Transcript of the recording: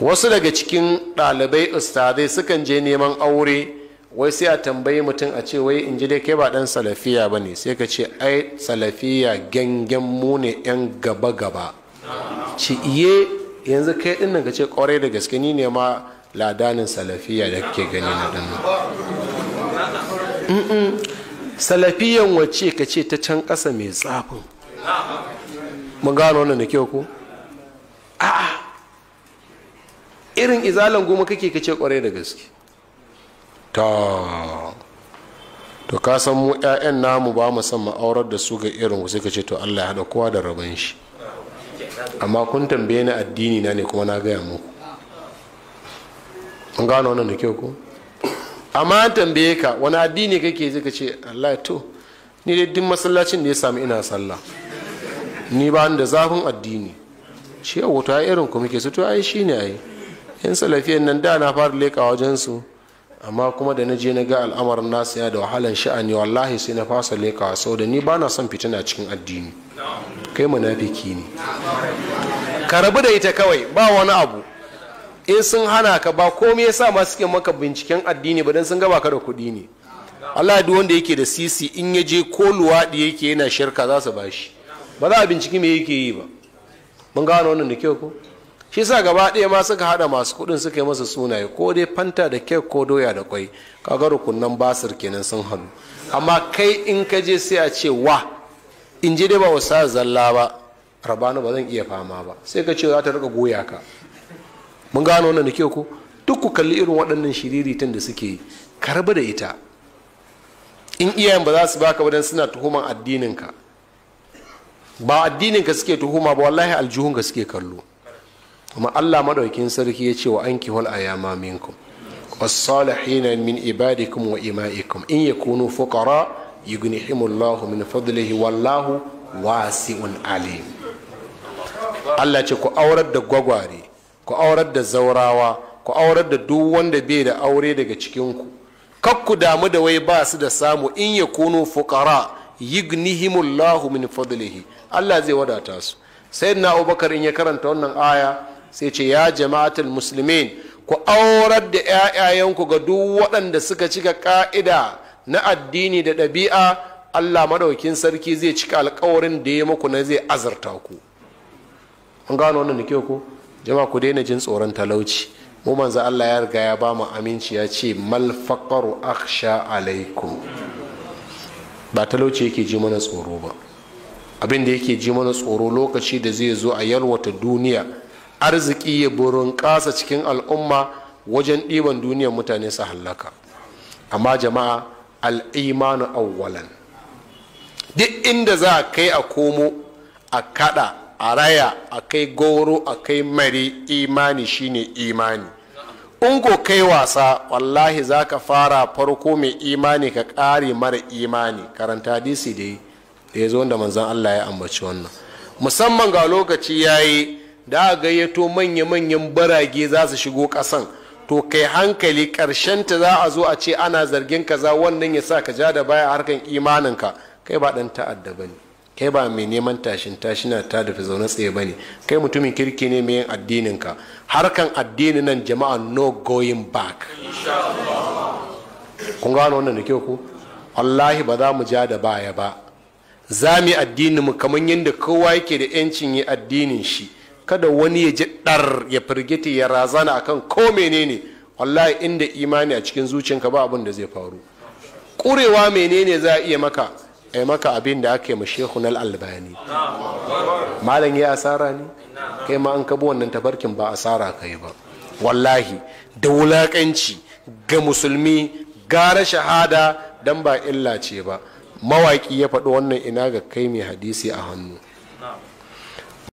wasu daga cikin ɗalibai ustadai sukan je neman aure wai sai a tambayi mutum a ce wai in ji dai kai ba ɗan salafiya ba ne sai ka ce ai salafiya gangen mu ne 'yan gaba-gaba ci iye yanzu kai ɗin nan ka ce ƙwarai da gaske ni ne ma ladanin salafiya da ke gani na ɗin salafiyan wacce ka ce ta can ƙasa mai tsafin mun gano wannan da kyau ko a'a irin izalan goma kake kace kwarai da gaske ta to ka san mu ƴaƴan namu ba mu san aurar da su ga irin sai kace ce to allah ya hada kowa da rabon shi amma kun tambaye ni addini na ne kuma na gaya muku an gano wannan da kyau ko amma an tambaye ka wani addini kake zai kace ce allah to ni dai din masallacin da ya samu ina sallah ni ba ni da zafin addini shi a wata irin ku muke su to ai shine ai yan salafiyan nan da na fara leka wajen su amma kuma da na je na ga al'amarin nasu yana da wahalan sha'ani wallahi sai na fasa leka sau da ni ba na son fitina cikin addini kai munafiki ne ka rabu da ita kawai ba wani abu in sun hana ka ba komai yasa ma suke maka binciken addini ba dan sun gaba ka da kuɗi ne Allah duk wanda yake da sisi in ya je ko luwaɗi yake yana shirka za su bashi ba za a binciki me yake yi ba mun gano wannan da kyau ko shi sa gaba ɗaya ma suka haɗa masu kuɗin suka yi masa sunaye ko dai fanta da kek ko doya da kwai kaga rukunan basir kenan sun hannu amma kai in ka je sai a ce wa in ji dai ba wasa zalla ba rabana ba zan iya fama ba sai ka ce za ta rika goya ka mun gano wannan da ke ku duk ku kalli irin waɗannan shiriritan da suke yi karba da ita in iyayen ba za su baka ba dan suna tuhuman addininka ba addininka suke tuhuma ba wallahi aljihunka suke kallo kuma allah maɗaukin sarki ya ce wa an kihol ayama minkum والصالحين من عبادكم وإمائكم إن يكونوا فقراء يغنيهم الله من فضله والله واسع عليم Allah ce ku aurar da gwagware ku aurar da zaurawa ku aurar da duk wanda bai da aure daga cikinku kak ku damu da wai ba su da samu in ya kuno fukara yignihimullahu min fadlihi Allah zai wadata su sai abubakar in ya karanta wannan aya sai ce ya jama'atul musulmin ku aurar da 'ya'yayenku ga duk waɗanda suka cika ƙa'ida na addini da ɗabi'a allah maɗaukin sarki zai cika alkawarin da ya muku na zai azarta ku an gano wannan nake ku jama ku daina jin tsoron talauci mu manzo allah ya riga ya ba mu aminci ya ce mal faqaru akhsha alaikum ba talauci yake ji mana tsoro ba abinda yake ji mana tsoro lokaci da zai zo a yalwata duniya arziki ya burin ƙasa cikin al'umma wajen ɗiban duniyar mutane su hallaka amma jama'a al'imanu awwalan duk inda za a kai a komo a kada a raya a kai goro a kai mari imani shine imani in ko kai wasa wallahi za ka fara farko mai imani ka ƙare mara imani karanta hadisi da ya zo da manzan allah ya ambaci wannan musamman ga lokaci ya yi da gayyato manya-manyan barage za su shigo kasan, to kai hankali ta za a zo a ce ana zargin kaza wannan ya sa ka ja da baya harkan imaninka kai ba ɗan ta'adda ba ne kai ba mai neman tashin tashina ta dafi zaune tsaye ba ne kai mutumin kirki ne mai yin addininka harkan addini nan jama'a no going back kun gano wannan da kyau ku wallahi ba za mu ja da baya ba za mu yi addinin mu kamar yadda kowa yake da 'yancin yi addinin shi kada wani ya ji ɗar ya firgita ya razana a akan ko menene wallahi inda imani a cikin zuciyanka ba abin da zai faru ƙurewa menene za a iya maka a maka abin da aka yi mashehun albani? malam ya asara ne kai ma an kabo wannan tafarkin ba asara ka yi ba wallahi da wulaƙanci ga musulmi gara shahada don ba illa ce ba mawaƙi ya faɗi wannan ina ga kai mai hadisi a hannu